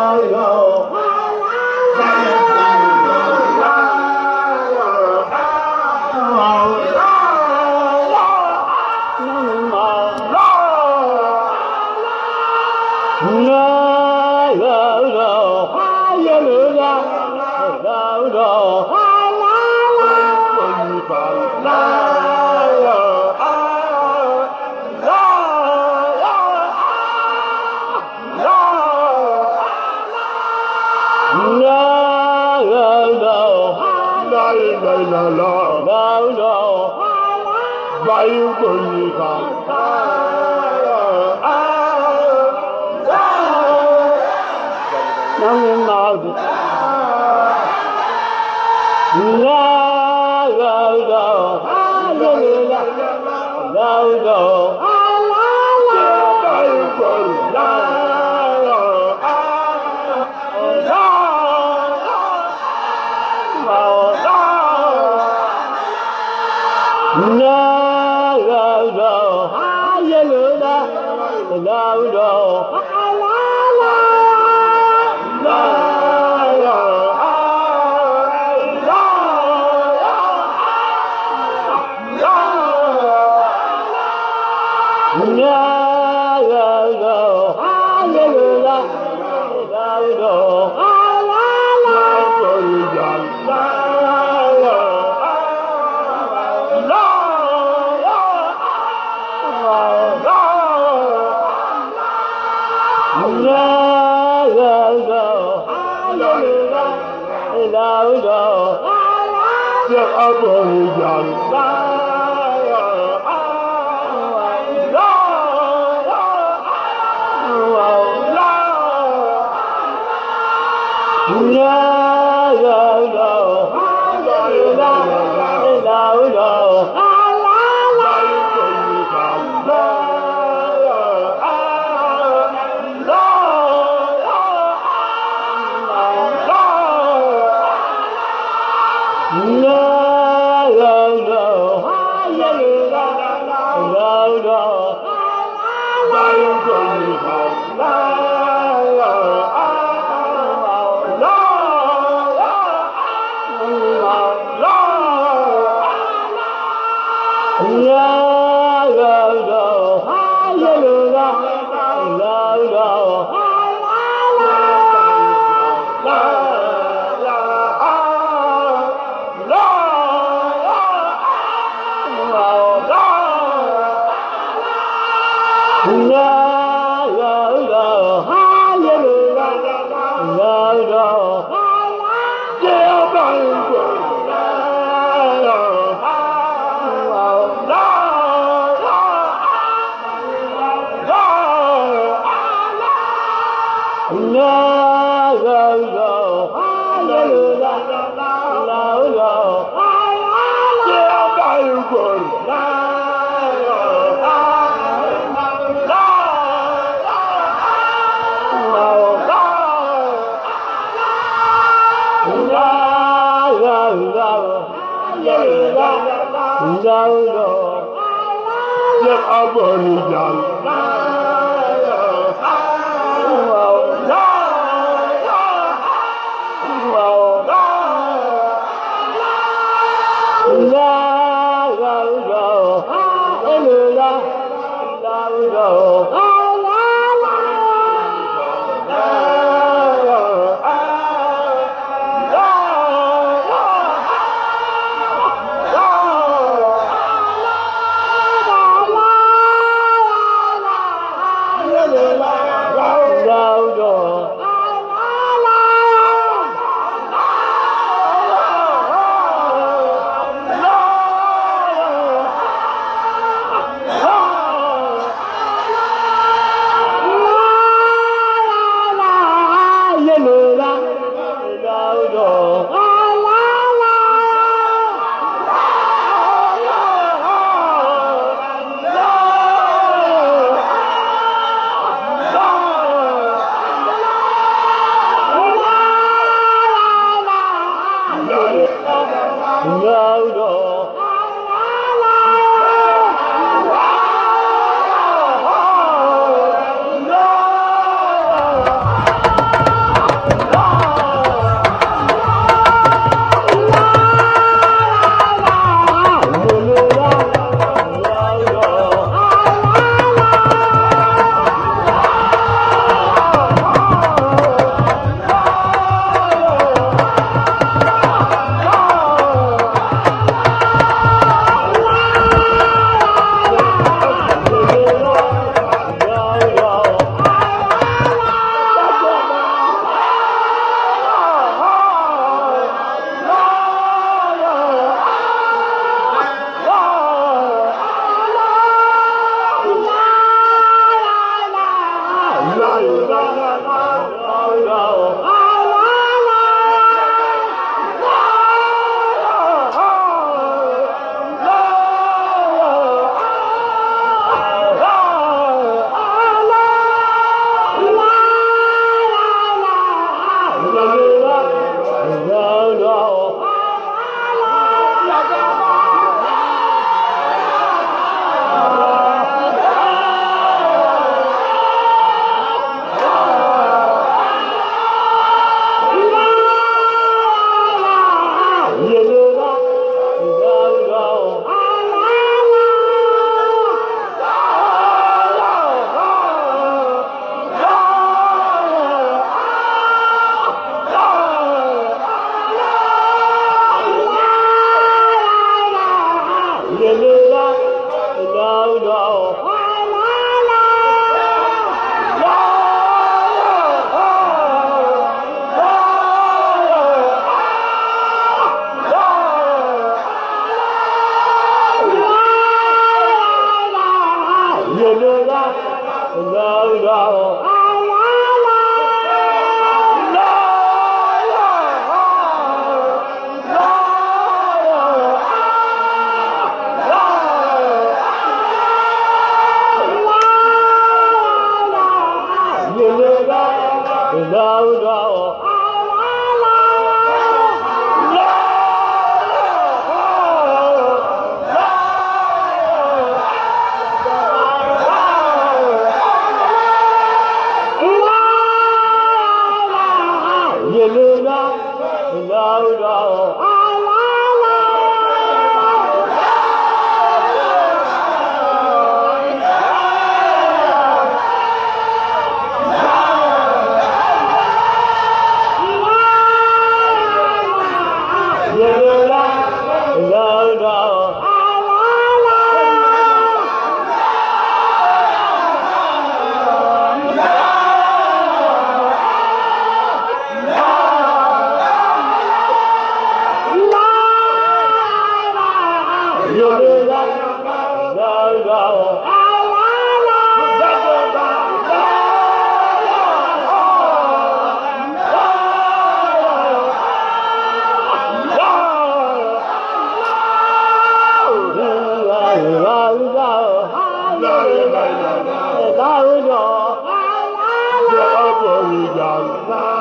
Hallelujah. la la la la la la báyìí kò ní ká. Nami maadu. La la la la la la la. louder. Your upper Yeah. No, no, no. la, la la la. آپ نہیں جا yo le Allah.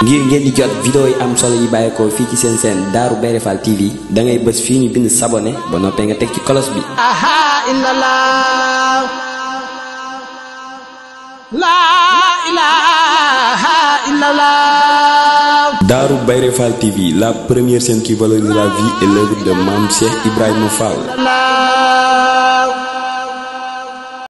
ngir ngeen di jot vidéo yi am solo yi bàyyeekoo fii ci seen seen Darou Bairé Fall TV da bës fii ñu bind sabone ba noppee nga teg ci kolos bi. Darou Bairé TV la première chaîne qui valorise la vie et l'œuvre de Mame Cheikh